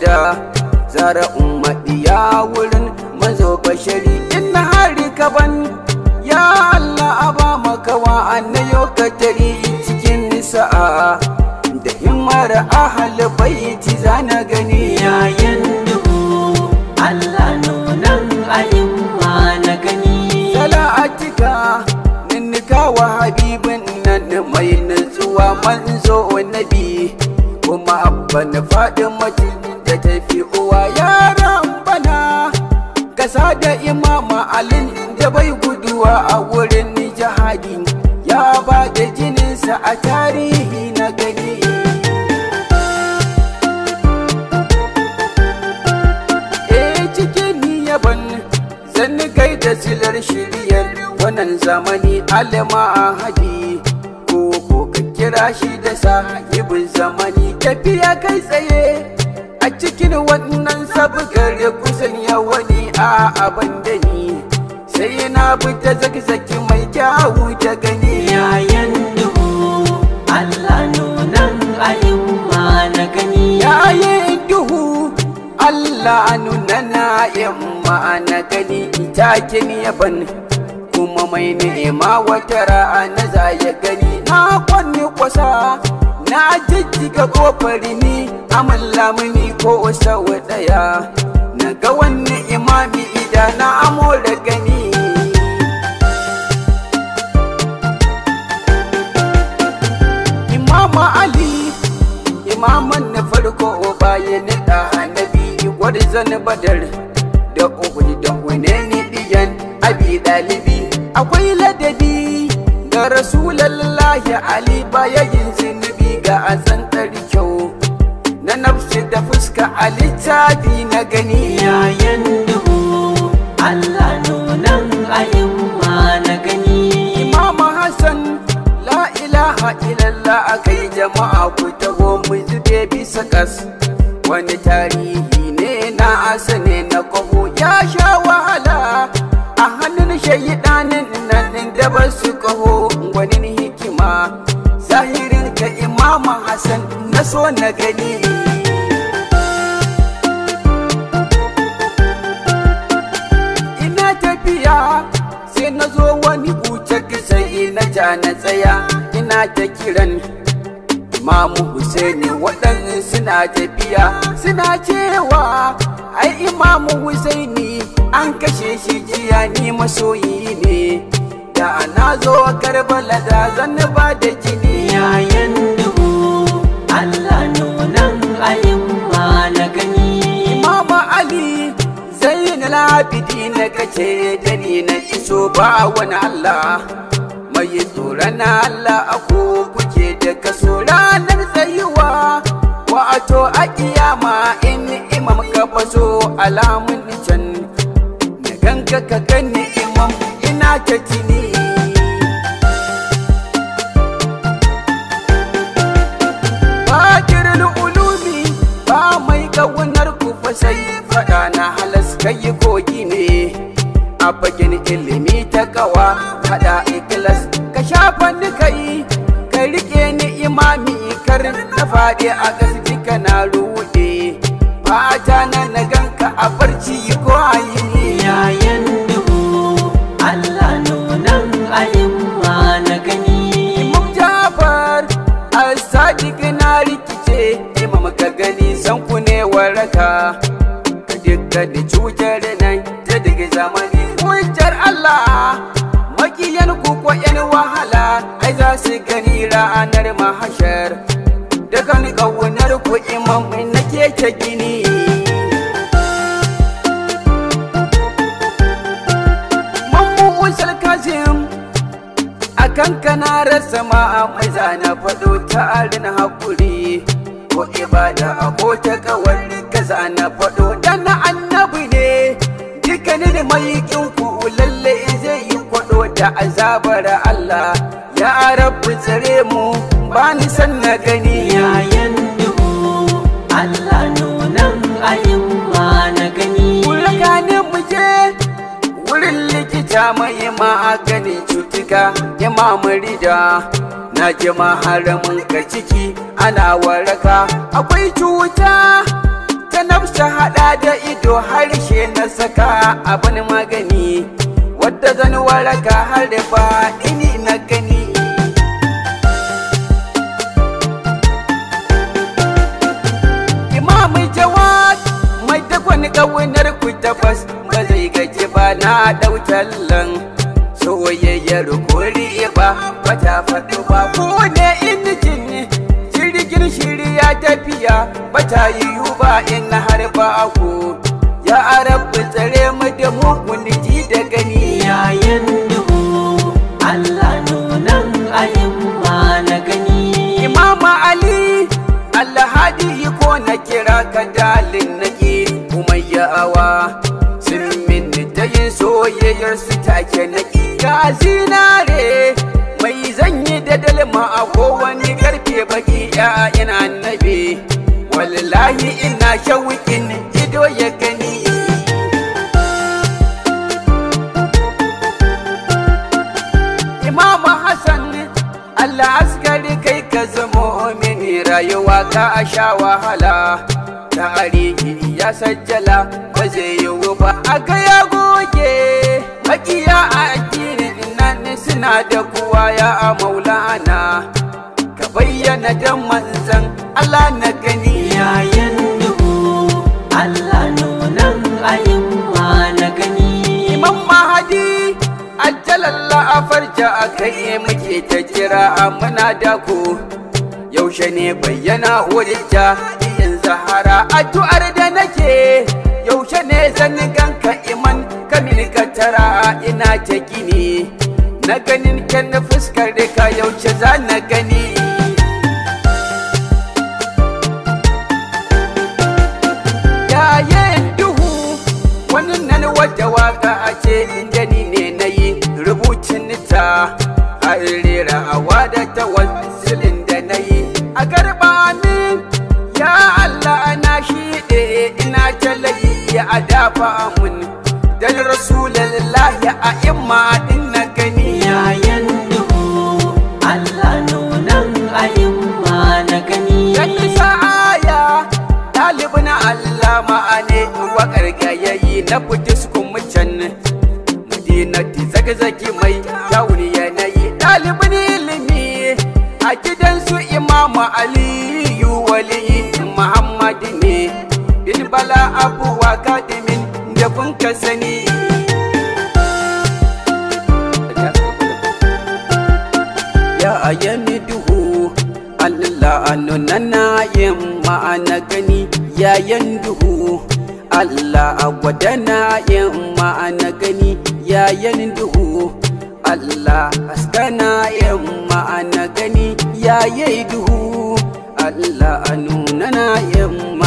da zara ummadiya wurin mazo bashari inna hari kaban ya Allah aba wa annayo katari cikin sa'a da himmar ahal baiti zana gani yayin duhu Allah nunan alimma na gani salatika ninka wa habibin nan mai nutsuwa manzo nabi kuma abba na mutum tafi uwa yaran bana Gasa da imama alin da bai guduwa a wurin jihadi Ya ba da jininsa a tarihi na gani E eh, cikin yaban zan da silar shiryar wannan zamani alama a haɗi, ko ko ka kira shi da sa, sahibin zamani tafiya kai tsaye cikin wannan sabgare kusan ya wani a abin da ni sai na fita ta zaki-zaki mai kyawu ta gani yayan duhu Allah nunan ayyuma na gani yayan duhu Allah nunan ayyuma na gani itakin yaban kuma mai nema wata ra'a na za gani na kwanni kwasa na jijjiga kofari ni amin lamuni ko sawa daya na ga wannan imami na amo da gani imama ali imaman na farko baya na da annabi zan badar da uhud da ne diyan abi dalibi akwai ladabi ga rasulallahi ali baya yin a zantar kyau na nafsi da fuska a littafi na gani yayin duhu Allah nunan ma na gani Imam Hassan la ilaha illallah akai jama'a ku taho mu zube bisa kas wani tarihi ne na asane na kwabo ya sha wahala a hannun shayi danin nan da basu san na so na gani ina tafiya sai na zo wani buce sai ina ja na tsaya ina ta kiran mamu Husaini waɗansu suna tafiya suna cewa ai Imamu Husaini an kashe shi jiya ni masoyi ne da na zo Karbala da zan ba da jini yayin Allah nunan ayin ma na gani Mama Ali zai na labidi na kace da ni na iso ba wani Allah mai tsoron Allah a ko kuke da kaso ranar tsayuwa wato a kiyama in imam ka bazo alamun can na ganka ka gani imam ina ta tini gaunar ku fa sai faɗa na halas kai kogi ne a bakin ilimi ta kawa haɗa ikilas ka shafa ni kai ka riƙe ni imami kar na faɗi a gasji ka na ruɗe fata na na ganka a barci ko hayini yayin duhu Allah nunan ayyuma na gani Imam Jafar al-Sadiq na rikice Imam ka gani san ka dukkan da cutar nan ta daga zamani hujjar Allah makiyan ku ko yan wahala ai za su gani ranar mahashar da kan kawunar ku imam nake ta gini Mamu Kazim a kankana rasa ma mai zana faɗo ta arin haƙuri ko ibada a ko ta kawar na faɗo dan annabi ne dukkanin mai kinku lalle zai yi kwaɗo da azabar Allah ya rabu tsare mu ba ni san na gani yayan duhu Allah nunan ayin ma na gani wulakanin ne je wurin likita mai magani cutuka ya da na ji maharamin ka ciki ana waraka akwai cuta ta nafsa hada da ido harshe na saka abin magani wadda zan waraka har da ini na gani imamu jawad mai wani ƙaunar ku tabbas ba zai gaji ba na ɗau soyayyar kuri ba ba ta faɗo ba ko ne tafiya bata yi ba in na harba aku ya arabu tsare mu da ji da gani yayin duhu Allah nunan ma na gani Imama Ali Allah hadi ko na kira ka dalin nake umayya awa sun min ta yin soyayyar su take naki ga zinare mai zanyi da dalma a kowani karfe baki ya ina na wallahi ina shawukin ido ya gani imamu hassan allah asgari kai ka zamo mini rayuwa ta a sha wahala tarihi ya sajjala ba zai yiwu ba aka ya goge makiya a addinin nan suna da kowa ya a maulana ka bayyana dan manzan allah na farja a kai muke ta kira muna da ku yaushe ne bayyana hujja in zahara addu'ar da nake yaushe ne zan ganka iman kamin ka tara ina ta gini na ganin kan fuskar da ka yaushe za na gani rawa da tawassulin da na yi a garba ya Allah na shiɗe ina talayi ya adafa mun dan rasulallah a imma din na gani yayan ku Allah nunan a imma na gani kisa aya ɗalibin Allah ma ka sani ya ayyami duhu Allah nunana yin ma'ana gani yayan duhu Allah a gwadana yin ma'ana gani yayan duhu Allah askana yin ma'ana gani yayi duhu Allah a nunana